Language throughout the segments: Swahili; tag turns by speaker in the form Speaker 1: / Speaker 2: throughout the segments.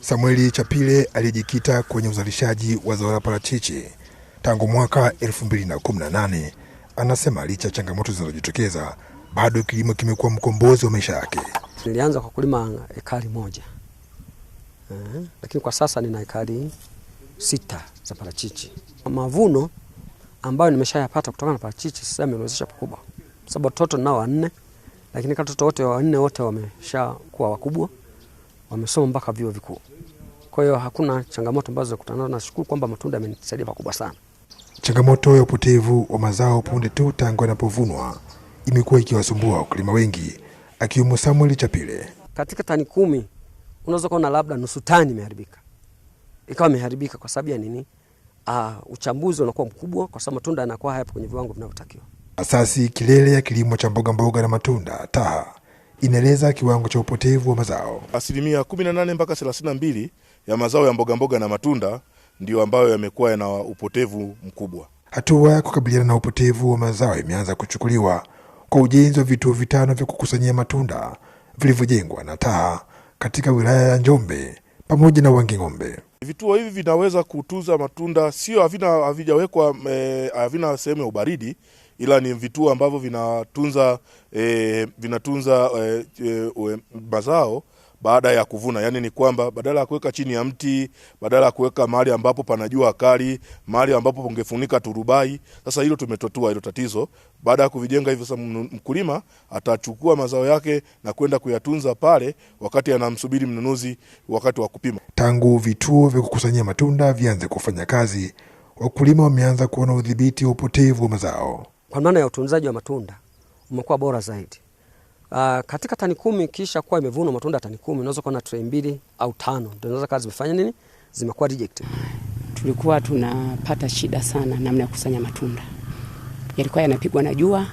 Speaker 1: Samueli Chapile alijikita kwenye uzalishaji wa zao la parachichi tangu mwaka 2018. Anasema licha ya changamoto zinazojitokeza bado kilimo kimekuwa mkombozi wa maisha yake.
Speaker 2: Nilianza kwa kulima ekari moja eh, lakini kwa sasa nina ekari sita za parachichi. Mavuno ambayo nimeshayapata kutoka na parachichi sasa yameniwezesha pakubwa, sababu watoto nao wanne, lakini katoto wote wanne wote wameshakuwa wakubwa wamesoma mpaka vyuo vikuu. Kwa hiyo hakuna changamoto ambazo zakutana nazo, na shukuru kwamba matunda yamenisaidia pakubwa sana.
Speaker 1: Changamoto ya upotevu wa mazao punde tu tangu yanapovunwa imekuwa ikiwasumbua wakulima wengi akiwemo Samuel Chapile.
Speaker 2: Katika tani kumi unaweza kuona labda nusu tani imeharibika, ikawa imeharibika kwa sababu ya nini? Uh, uchambuzi unakuwa mkubwa kwa sababu matunda yanakuwa hayapo kwenye viwango vinavyotakiwa.
Speaker 1: Asasi kilele ya kilimo cha mboga mboga na matunda TAHA inaeleza kiwango cha upotevu wa mazao.
Speaker 3: Asilimia 18 mpaka 32 ya mazao ya mboga mboga na matunda ndiyo ambayo yamekuwa yana upotevu mkubwa.
Speaker 1: Hatua ya kukabiliana na upotevu wa mazao imeanza kuchukuliwa kwa ujenzi wa vituo vitano vya kukusanyia matunda vilivyojengwa na TAHA katika wilaya ya Njombe pamoja na Wanging'ombe.
Speaker 3: Vituo hivi vinaweza kutunza matunda, sio havina havijawekwa havina eh, havina sehemu ya ubaridi, ila ni vituo ambavyo vinatunza e, vinatunza e, e, mazao baada ya kuvuna. Yaani ni kwamba badala ya kuweka chini ya mti, badala ya kuweka mahali ambapo panajua kali, mahali ambapo ungefunika turubai. Sasa hilo tumetotua hilo tatizo. Baada ya kuvijenga hivyo, sasa mkulima atachukua mazao yake na kwenda kuyatunza pale, wakati anamsubiri mnunuzi, wakati wa kupima.
Speaker 1: Tangu vituo vya kukusanyia matunda vianze kufanya kazi, wakulima wameanza kuona udhibiti wa upotevu wa mazao.
Speaker 2: Kwa maana ya utunzaji wa matunda umekuwa bora zaidi. Uh, katika tani kumi kisha kuwa imevunwa matunda tani kumi unaweza kuona tray mbili au tano ndio unaweza kazi zimefanya nini, zimekuwa reject.
Speaker 4: Tulikuwa tunapata shida sana namna ya kukusanya matunda, yalikuwa yanapigwa na jua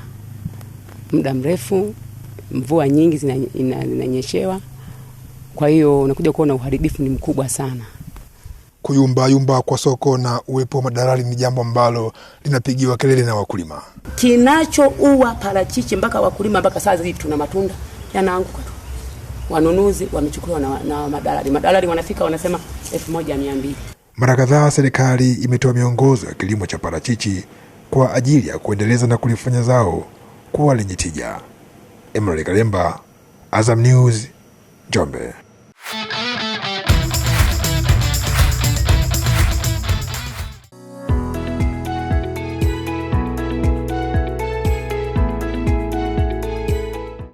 Speaker 4: muda mrefu, mvua nyingi zinanyeshewa, kwa hiyo unakuja kuona uharibifu ni mkubwa sana
Speaker 1: kuyumbayumba kwa soko na uwepo wa madalali ni jambo ambalo linapigiwa kelele na wakulima.
Speaker 4: Kinachoua parachichi mpaka wakulima mpaka sasa hivi tuna matunda yanaanguka tu, wanunuzi wamechukuliwa na, na madalali. Madalali wanafika wanasema elfu moja mia mbili.
Speaker 1: Mara kadhaa serikali imetoa miongozo ya kilimo cha parachichi kwa ajili ya kuendeleza na kulifanya zao kuwa lenye tija. Emmanuel Kalemba, Azam News, Njombe.